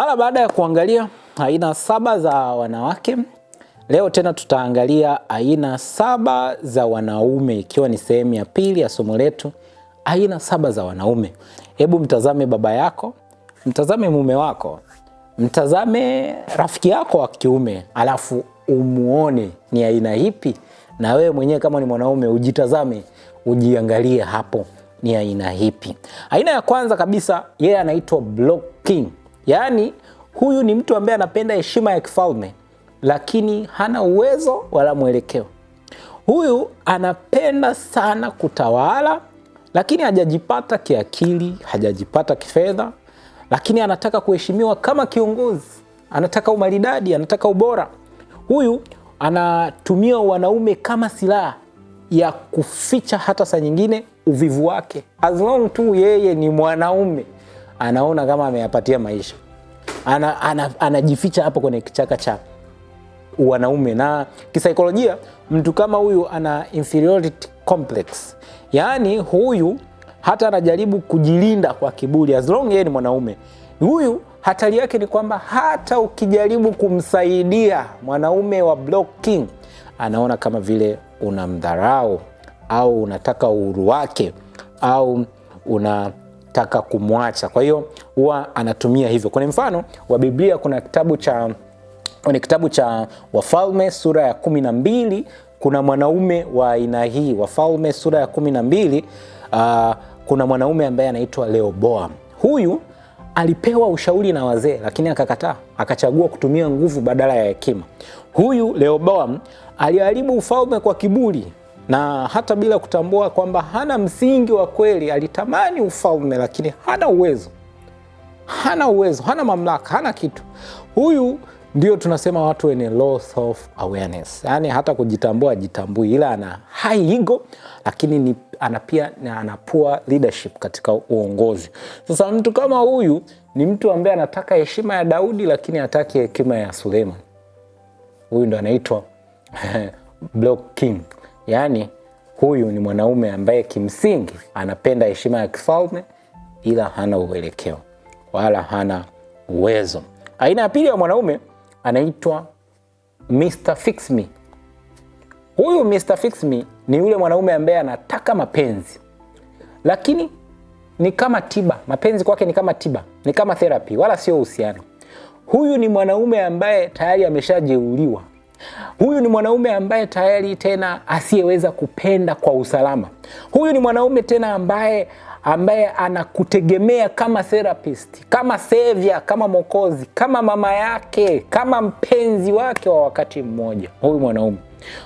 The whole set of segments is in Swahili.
Mara baada ya kuangalia aina saba za wanawake, leo tena tutaangalia aina saba za wanaume, ikiwa ni sehemu ya pili ya somo letu aina saba za wanaume. Hebu mtazame baba yako, mtazame mume wako, mtazame rafiki yako wa kiume, alafu umuone ni aina ipi, na wewe mwenyewe kama ni mwanaume ujitazame, ujiangalie hapo ni aina ipi. Aina ya kwanza kabisa, yeye anaitwa blocking Yaani huyu ni mtu ambaye anapenda heshima ya kifalme, lakini hana uwezo wala mwelekeo. Huyu anapenda sana kutawala, lakini hajajipata kiakili, hajajipata kifedha, lakini anataka kuheshimiwa kama kiongozi, anataka umaridadi, anataka ubora. Huyu anatumia wanaume kama silaha ya kuficha hata saa nyingine uvivu wake, as long tu yeye ni mwanaume anaona kama ameyapatia maisha, anajificha ana, anajificha hapo kwenye kichaka cha wanaume, na kisaikolojia mtu kama huyu ana inferiority complex, yaani huyu hata anajaribu kujilinda kwa kiburi, as long yeye ni mwanaume huyu hatari yake ni kwamba hata ukijaribu kumsaidia mwanaume wa blocking anaona kama vile unamdharau au unataka uhuru wake au una taka kumwacha. Kwa hiyo huwa anatumia hivyo. Kwa mfano wa Biblia kuna kitabu cha kwenye kitabu cha Wafalme sura ya kumi na mbili kuna mwanaume wa aina hii. Wafalme sura ya kumi na mbili uh, kuna mwanaume ambaye anaitwa leoboam Huyu alipewa ushauri na wazee, lakini akakataa, akachagua kutumia nguvu badala ya hekima. Huyu leoboam aliharibu ufalme kwa kiburi na hata bila kutambua kwamba hana msingi wa kweli. Alitamani ufalme, lakini hana uwezo, hana uwezo, hana mamlaka, hana kitu. Huyu ndio tunasema watu wenye low awareness, yaani hata kujitambua ajitambui, ila ana high ego, lakini ni ana pia ana poor leadership katika uongozi. Sasa mtu kama huyu ni mtu ambaye anataka heshima ya Daudi, lakini hataki hekima ya Suleiman. Huyu ndo anaitwa Block King. Yaani huyu ni mwanaume ambaye kimsingi anapenda heshima ya kifalme ila hana uelekeo wala hana uwezo. Aina ya pili ya mwanaume anaitwa Mr. Fix Me. Huyu Mr. Fix Me ni yule mwanaume ambaye anataka mapenzi lakini ni kama tiba. Mapenzi kwake ni kama tiba, ni kama therapy, wala sio uhusiano. Huyu ni mwanaume ambaye tayari ameshajeuliwa, Huyu ni mwanaume ambaye tayari tena asiyeweza kupenda kwa usalama. Huyu ni mwanaume tena ambaye ambaye anakutegemea kama therapist, kama savior, kama mwokozi, kama mama yake, kama mpenzi wake wa wakati mmoja. Huyu mwanaume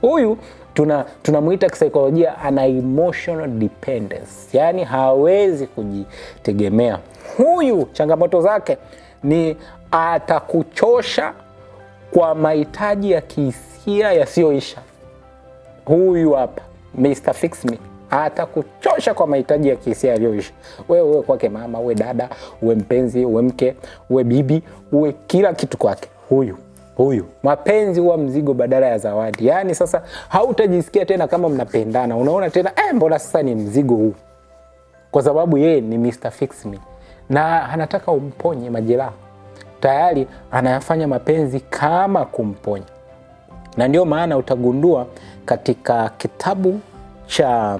huyu tuna tunamuita kisaikolojia ana emotional dependence, yaani hawezi kujitegemea. Huyu changamoto zake ni atakuchosha kwa mahitaji ya kihisia yasiyoisha. Huyu hapa Mr Fix Me kwa mahitaji ya kihisia yaliyoisha. Wewe uwe kwake mama, uwe dada, uwe mpenzi, uwe mke, uwe bibi, uwe kila kitu kwake huyu huyu. Mapenzi huwa mzigo badala ya zawadi. Yaani sasa hautajisikia tena kama mnapendana, unaona tena eh, mbona sasa ni mzigo huu, kwa sababu yeye ni Mr Fix Me na anataka umponye majeraha tayari anayafanya mapenzi kama kumponya. Na ndio maana utagundua katika kitabu cha,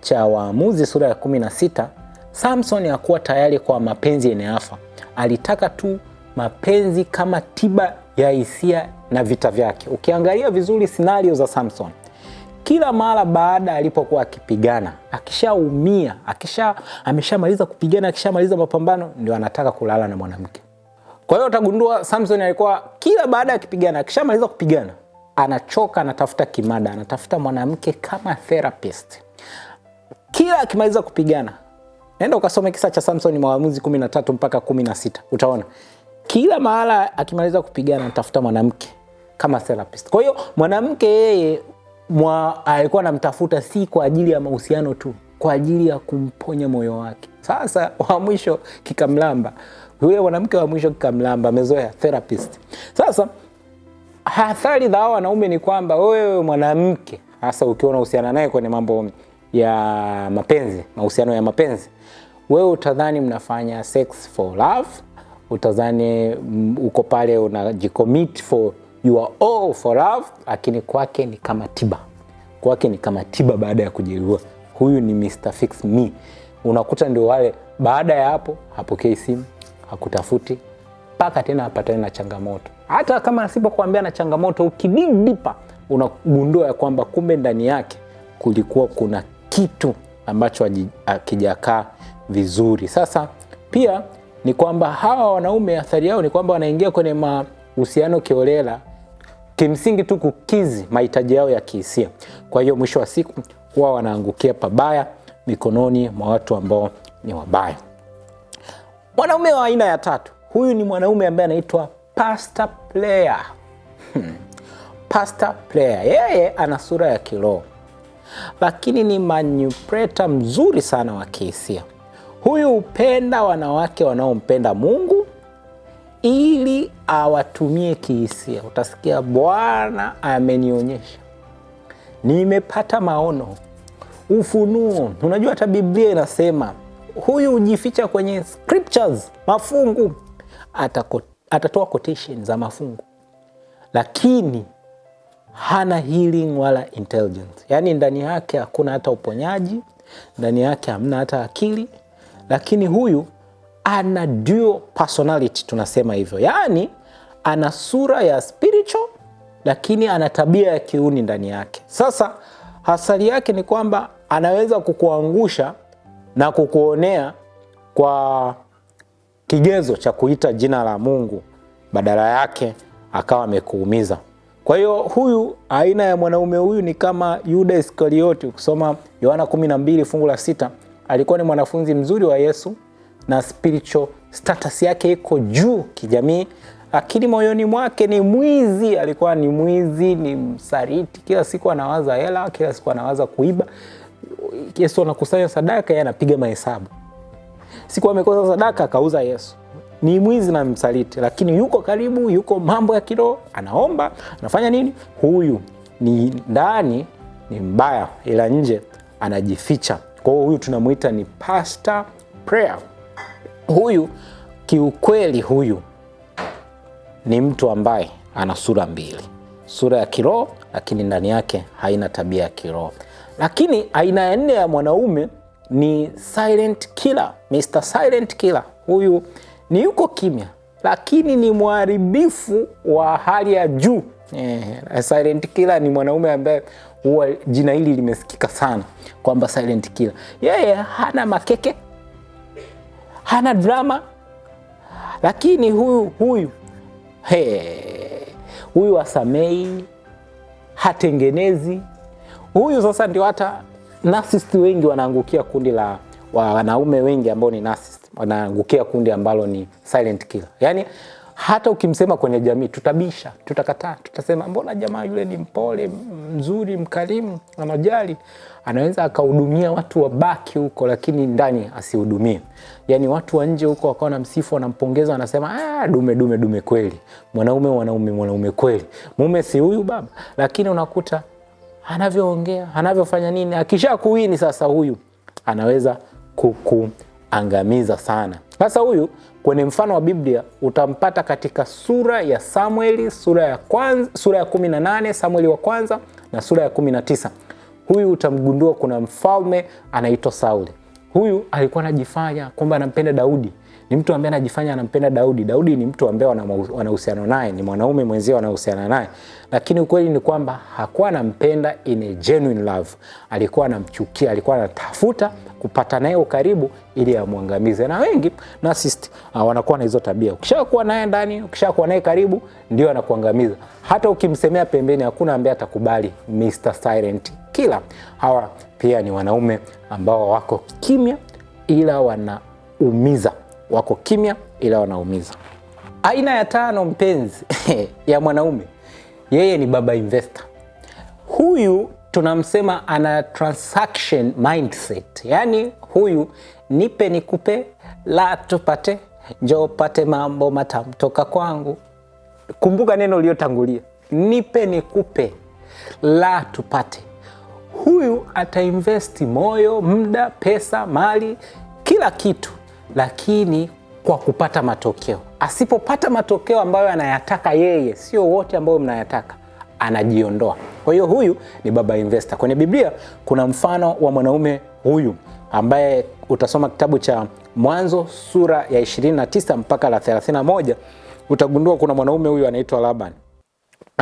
cha Waamuzi sura ya kumi na sita Samson hakuwa tayari kwa mapenzi afa, Alitaka tu mapenzi kama tiba ya hisia na vita vyake. Ukiangalia vizuri sinario za Samson, kila mara baada alipokuwa akipigana, akishaumia, akisha ameshamaliza kupigana, akishamaliza mapambano, ndio anataka kulala na mwanamke. Kwa hiyo utagundua Samson alikuwa kila baada ya kupigana, akishamaliza kupigana anachoka, anatafuta kimada, anatafuta mwanamke kama therapist. Kila akimaliza kupigana, nenda ukasome kisa cha Samson Waamuzi 13 mpaka 16, utaona kila mahala akimaliza kupigana anatafuta mwanamke kama therapist. Kwa hiyo mwanamke yeye mwa, alikuwa anamtafuta si kwa ajili ya mahusiano tu, kwa ajili ya kumponya moyo wake. Sasa wa mwisho kikamlamba. Yule mwanamke wa mwisho kikamlamba, amezoea therapist. Sasa hathari za hao wanaume ni kwamba wewe mwanamke, hasa ukiwa unahusiana naye kwenye mambo ya mapenzi, mahusiano ya mapenzi, wewe utadhani mnafanya sex for love, utadhani mm, uko pale unajicommit for you are all for love, lakini kwake ni kama tiba, kwake ni kama tiba baada ya kujeruhiwa. Huyu ni Mr. Fix Me. Unakuta ndio wale baada ya hapo hapokei simu hakutafuti mpaka tena apatane na changamoto. Hata kama asipokuambia na changamoto, ukididipa unagundua ya kwamba kumbe ndani yake kulikuwa kuna kitu ambacho akijakaa vizuri. Sasa pia ni kwamba hawa wanaume athari yao ni kwamba wanaingia kwenye mahusiano kiolela, kimsingi tu kukizi mahitaji yao ya kihisia. Kwa hiyo mwisho wa siku huwa wanaangukia pabaya mikononi mwa watu ambao ni wabaya. Mwanaume wa aina ya tatu, huyu ni mwanaume ambaye anaitwa pastor player. Hmm. Pastor player yeye ana sura ya kiroho, lakini ni manupreta mzuri sana wa kihisia. Huyu hupenda wanawake wanaompenda Mungu ili awatumie kihisia. Utasikia, Bwana amenionyesha, nimepata maono, ufunuo. Unajua hata Biblia inasema huyu hujificha kwenye scriptures, mafungu atako, atatoa quotation za mafungu, lakini hana healing wala intelligence. Yaani ndani yake hakuna hata uponyaji, ndani yake hamna hata akili, lakini huyu ana dual personality, tunasema hivyo, yaani ana sura ya spiritual lakini ana tabia ya kiuni ndani yake. Sasa hasari yake ni kwamba anaweza kukuangusha na kukuonea kwa kigezo cha kuita jina la Mungu, badala yake akawa amekuumiza. Kwa hiyo huyu aina ya mwanaume huyu ni kama Yuda Iskarioti. Ukisoma Yohana 12 fungu la sita, alikuwa ni mwanafunzi mzuri wa Yesu na spiritual status yake iko juu kijamii, lakini moyoni mwake ni mwizi. Alikuwa ni mwizi, ni msariti kila siku anawaza hela, kila siku anawaza kuiba Yesu anakusanya sadaka, yeye anapiga mahesabu. Siku amekosa sadaka, akauza Yesu. Ni mwizi na msaliti, lakini yuko karibu, yuko mambo ya kiroho, anaomba, anafanya nini? Huyu ni ndani ni mbaya, ila nje anajificha. Kwa hiyo huyu tunamwita ni pastor prayer. Huyu kiukweli, huyu ni mtu ambaye ana sura mbili, sura ya kiroho, lakini ndani yake haina tabia ya kiroho. Lakini aina ya nne ya mwanaume ni silent killer, Mr. Silent Killer. Huyu ni yuko kimya, lakini ni mharibifu wa hali ya juu. Eh, silent killer ni mwanaume ambaye huwa jina hili limesikika sana kwamba silent killer. Yeye hana makeke, hana drama, lakini huyu huyu he, huyu asamei, hatengenezi Huyu sasa ndio hata narcissist wengi wanaangukia kundi la wanaume wengi ambao ni narcissist wanaangukia kundi ambalo ni silent killer. Yani hata ukimsema kwenye jamii tutabisha, tutakataa, tutasema mbona jamaa yule ni mpole, mzuri, mkarimu, anajali, anaweza akahudumia watu wabaki huko, lakini ndani asihudumie. Yani watu wa nje huko wakawa na msifu, wanampongeza, wanasema ah, dume dume dume kweli, mwanaume mwanaume mwanaume kweli, mume si huyu baba, lakini unakuta anavyoongea, anavyofanya nini. Akisha kuwini sasa, huyu anaweza kukuangamiza sana. Sasa huyu kwenye mfano wa Biblia utampata katika sura ya Samueli, sura ya kwanza, sura ya 18 Samueli wa kwanza na sura ya 19. Huyu utamgundua kuna mfalme anaitwa Sauli. Huyu alikuwa anajifanya kwamba anampenda Daudi ni mtu ambaye anajifanya anampenda Daudi. Daudi ni mtu ambaye wana uhusiano naye, ni mwanaume mwenzie wanahusiana naye, lakini ukweli ni kwamba hakuwa anampenda in a genuine love, alikuwa anamchukia, alikuwa anatafuta kupata naye ukaribu ili amwangamize. Na wengi narcissist ah, wanakuwa na hizo tabia, ukishakuwa naye ndani, ukishakuwa naye karibu, ndio anakuangamiza. Hata ukimsemea pembeni, hakuna ambaye atakubali, Mr Silent Killer. Hawa pia ni wanaume ambao wako kimya, ila wanaumiza wako kimya, ila wanaumiza. Aina ya tano, mpenzi ya mwanaume, yeye ni baba investor. Huyu tunamsema ana transaction mindset, yaani huyu nipe nikupe, la tupate, njoo pate mambo matamu toka kwangu. Kumbuka neno uliotangulia nipe nikupe, la tupate. Huyu atainvesti moyo, muda, pesa, mali, kila kitu lakini kwa kupata matokeo. Asipopata matokeo ambayo anayataka yeye, sio wote ambayo mnayataka, anajiondoa. Kwa hiyo huyu ni baba investa Kwenye Biblia kuna mfano wa mwanaume huyu ambaye utasoma kitabu cha Mwanzo sura ya 29 mpaka la 31, utagundua kuna mwanaume huyu anaitwa Laban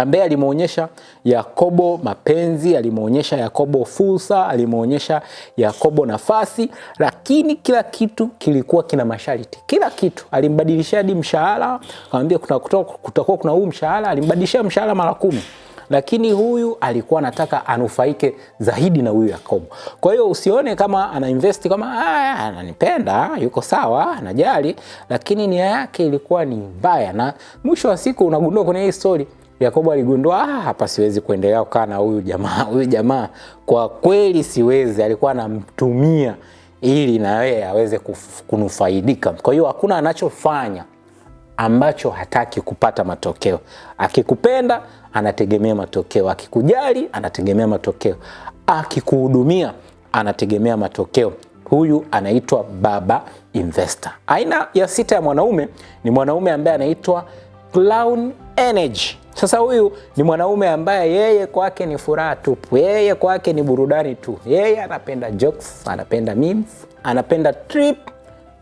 ambaye alimwonyesha Yakobo mapenzi, alimwonyesha Yakobo fursa, alimwonyesha Yakobo nafasi, lakini kila kitu kilikuwa kina masharti. Kila kitu alimbadilishia hadi mshahara, akamwambia kutakuwa kuna huu mshahara, alimbadilishia mshahara mara kumi lakini huyu alikuwa anataka anufaike zaidi na huyu Yakobo. Kwa hiyo usione kama ana invest kama ah, ananipenda, yuko sawa, anajali, lakini nia yake ilikuwa ni mbaya, na mwisho wa siku unagundua kwenye hii story Yakobo aligundua ah, hapa siwezi kuendelea kukaa na huyu jamaa. Huyu jamaa kwa kweli siwezi, alikuwa anamtumia ili na yeye aweze kunufaidika. Kwa hiyo hakuna anachofanya ambacho hataki kupata matokeo. Akikupenda anategemea matokeo, akikujali anategemea matokeo, akikuhudumia anategemea matokeo. Huyu anaitwa baba investor. Aina ya sita ya mwanaume ni mwanaume ambaye anaitwa clown energy. Sasa huyu ni mwanaume ambaye yeye kwake ni furaha tupu, yeye kwake ni burudani tu, yeye anapenda jokes, anapenda memes, anapenda trip,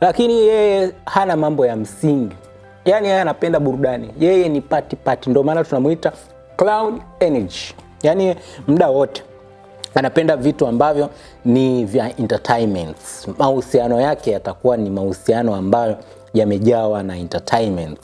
lakini yeye hana mambo ya msingi. Yaani yeye anapenda burudani, yeye ni party party, ndio maana tunamuita clown energy. Yani muda wote anapenda vitu ambavyo ni vya entertainment. Mahusiano yake yatakuwa ni mahusiano ambayo yamejawa na entertainment.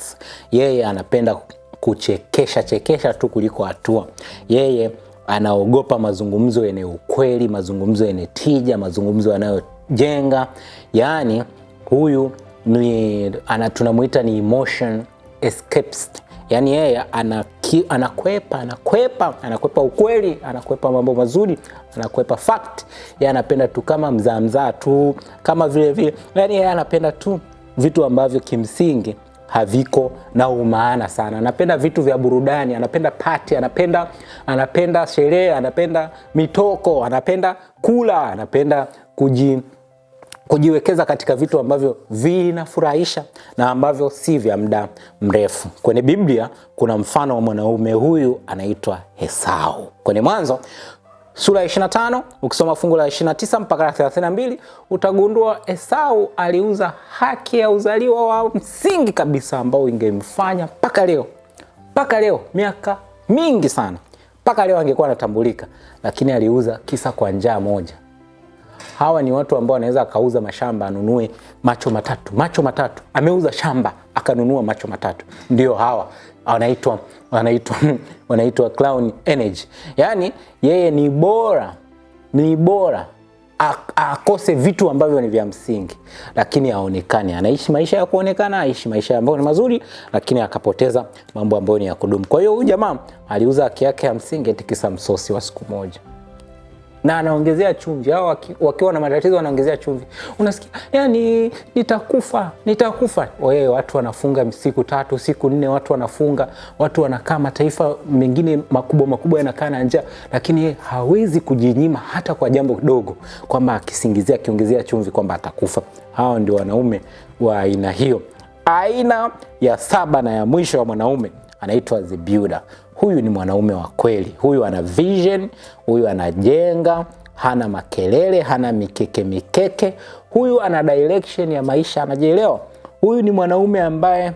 Yeye anapenda kuchekesha chekesha tu kuliko hatua. Yeye anaogopa mazungumzo yenye ukweli, mazungumzo yenye tija, mazungumzo yanayojenga. Yaani huyu ni tunamuita ni emotion escapist. Yaani yeye anakwepa anakwepa anakwepa ukweli, anakwepa mambo mazuri, anakwepa fact. Yeye anapenda tu kama mzaamzaa tu kama vile vile, yaani yeye anapenda tu vitu ambavyo kimsingi haviko na umaana sana. Anapenda vitu vya burudani, anapenda pati, anapenda anapenda sherehe, anapenda mitoko, anapenda kula, anapenda kuji kujiwekeza katika vitu ambavyo vinafurahisha na ambavyo si vya muda mrefu. Kwenye Biblia kuna mfano wa mwanaume huyu anaitwa Esau. Kwenye Mwanzo sura ya 25 ukisoma fungu la 29 mpaka la 32 utagundua Esau aliuza haki ya uzaliwa wa msingi kabisa ambao ingemfanya mpaka leo mpaka leo miaka mingi sana mpaka leo angekuwa anatambulika, lakini aliuza kisa kwa njaa moja. Hawa ni watu ambao anaweza akauza mashamba anunue macho matatu. Macho matatu ameuza shamba akanunua macho matatu, ndio hawa anaitwa anaitwa wanaitwa clown energy, yaani yeye ni bora ni bora akose vitu ambavyo ni vya msingi, lakini aonekane anaishi maisha ya kuonekana, aishi maisha ambayo ni mazuri, lakini akapoteza mambo ambayo ni ya kudumu. Kwa hiyo huyu jamaa aliuza haki yake ya msingi tikisa msosi wa siku moja na anaongezea chumvi au wakiwa na matatizo wanaongezea chumvi. Unasikia yani, nitakufa nitakufa. Wewe watu wanafunga siku tatu siku nne, watu wanafunga, watu wanakaa, mataifa mengine makubwa makubwa yanakaa na njaa, lakini hawezi kujinyima hata kwa jambo dogo, kwamba akisingizia akiongezea chumvi kwamba atakufa. Hao ndio wanaume wa aina hiyo. Aina ya saba na ya mwisho wa mwanaume anaitwa The Builder. Huyu ni mwanaume wa kweli, huyu ana vision, huyu anajenga, hana makelele, hana mikeke mikeke, huyu ana direction ya maisha, anajielewa. Huyu ni mwanaume ambaye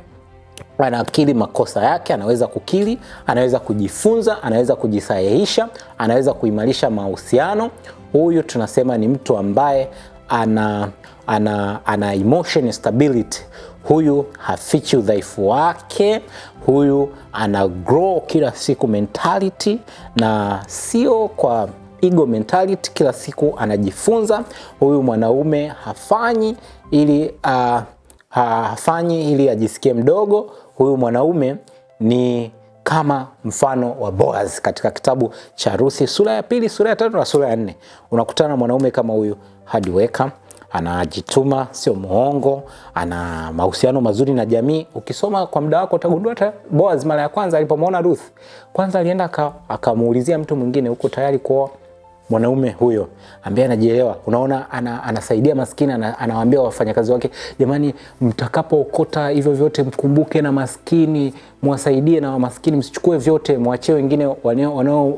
anakiri makosa yake, anaweza kukiri, anaweza kujifunza, anaweza kujisahihisha, anaweza kuimarisha mahusiano. Huyu tunasema ni mtu ambaye ana, ana, ana emotion stability. Huyu hafichi udhaifu wake, huyu ana grow kila siku mentality, na sio kwa ego mentality. Kila siku anajifunza. Huyu mwanaume hafanyi ili uh, hafanyi ili ajisikie mdogo. Huyu mwanaume ni kama mfano wa Boaz. Katika kitabu cha Ruthi sura ya pili, sura ya tatu na sura ya nne unakutana na mwanaume kama huyu hadiweka anajituma, sio muongo, ana mahusiano mazuri na jamii. Ukisoma kwa muda wako utagundua hata Boaz mara ya kwanza alipomwona Ruth, kwanza alienda akamuulizia mtu mwingine, huko tayari kuoa mwanaume huyo ambaye anajielewa, unaona ana, anasaidia maskini, anawaambia wafanyakazi wake, jamani, mtakapookota hivyo vyote mkumbuke na maskini, mwasaidie na maskini, msichukue vyote, mwachie wengine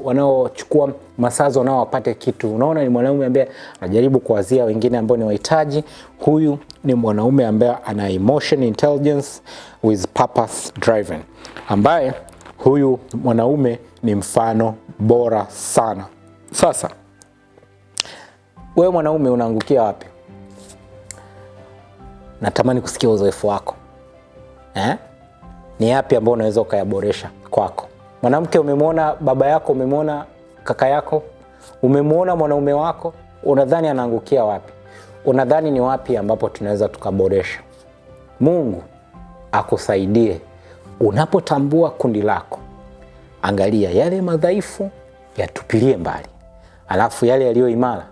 wanaochukua masazo nao wapate kitu. Unaona, ni mwanaume ambaye anajaribu kuwazia wengine ambao ni wahitaji. Huyu ni mwanaume ambaye ana emotion intelligence with purpose driven, ambaye huyu mwanaume ni mfano bora sana sasa wewe mwanaume unaangukia wapi? Natamani kusikia uzoefu wako eh? Ni yapi ambayo unaweza ukayaboresha kwako? Mwanamke, umemwona baba yako, umemwona kaka yako, umemwona mwanaume wako, unadhani anaangukia wapi? Unadhani ni wapi ambapo tunaweza tukaboresha? Mungu akusaidie. Unapotambua kundi lako, angalia yale madhaifu, yatupilie mbali alafu yale yaliyo imara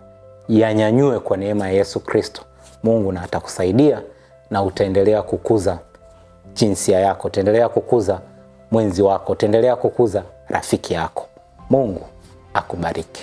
yanyanyue kwa neema ya Yesu Kristo. Mungu na atakusaidia na utaendelea kukuza jinsia yako, utaendelea kukuza mwenzi wako, utaendelea kukuza rafiki yako. Mungu akubariki.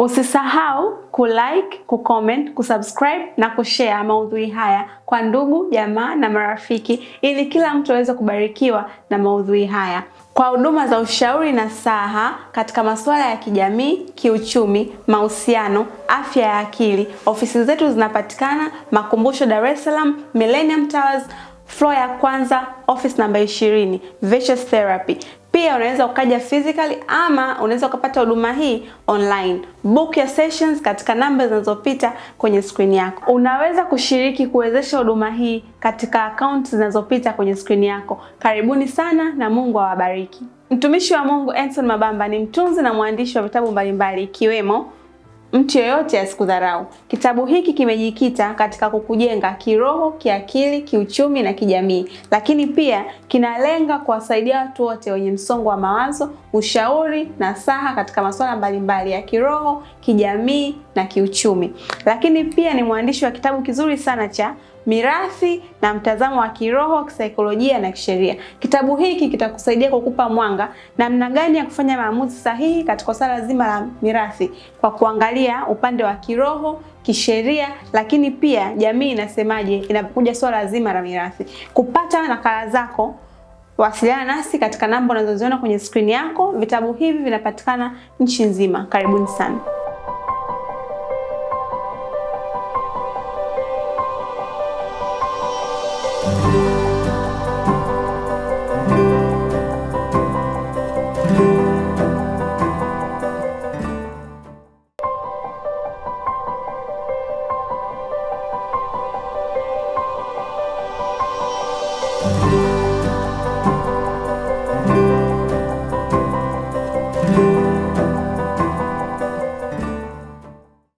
Usisahau kulike, kucomment, kusubscribe na kushare maudhui haya kwa ndugu, jamaa na marafiki ili kila mtu aweze kubarikiwa na maudhui haya. Kwa huduma za ushauri na saha katika masuala ya kijamii, kiuchumi, mahusiano, afya ya akili, ofisi zetu zinapatikana Makumbusho, Dar es Salaam, Millennium Towers, floor ya kwanza, office namba 20, Vicious Therapy. Pia unaweza ukaja physically ama unaweza ukapata huduma hii online. Book your sessions katika namba zinazopita kwenye screen yako. Unaweza kushiriki kuwezesha huduma hii katika akaunti zinazopita kwenye screen yako. Karibuni sana na Mungu awabariki. Mtumishi wa Mungu Enson Mabamba ni mtunzi na mwandishi wa vitabu mbalimbali ikiwemo Mtu yoyote asikudharau. Kitabu hiki kimejikita katika kukujenga kiroho, kiakili, kiuchumi na kijamii, lakini pia kinalenga kuwasaidia watu wote wenye msongo wa mawazo, ushauri na saha katika masuala mbalimbali ya kiroho, kijamii na kiuchumi. Lakini pia ni mwandishi wa kitabu kizuri sana cha mirathi na mtazamo wa kiroho, kisaikolojia na kisheria. Kitabu hiki kitakusaidia kukupa mwanga namna gani ya kufanya maamuzi sahihi katika swala zima la mirathi kwa kuangalia upande wa kiroho, kisheria, lakini pia jamii inasemaje inapokuja swala zima la mirathi. Kupata nakala zako Wasiliana nasi katika namba unazoziona kwenye skrini yako. Vitabu hivi vinapatikana nchi nzima. Karibuni sana.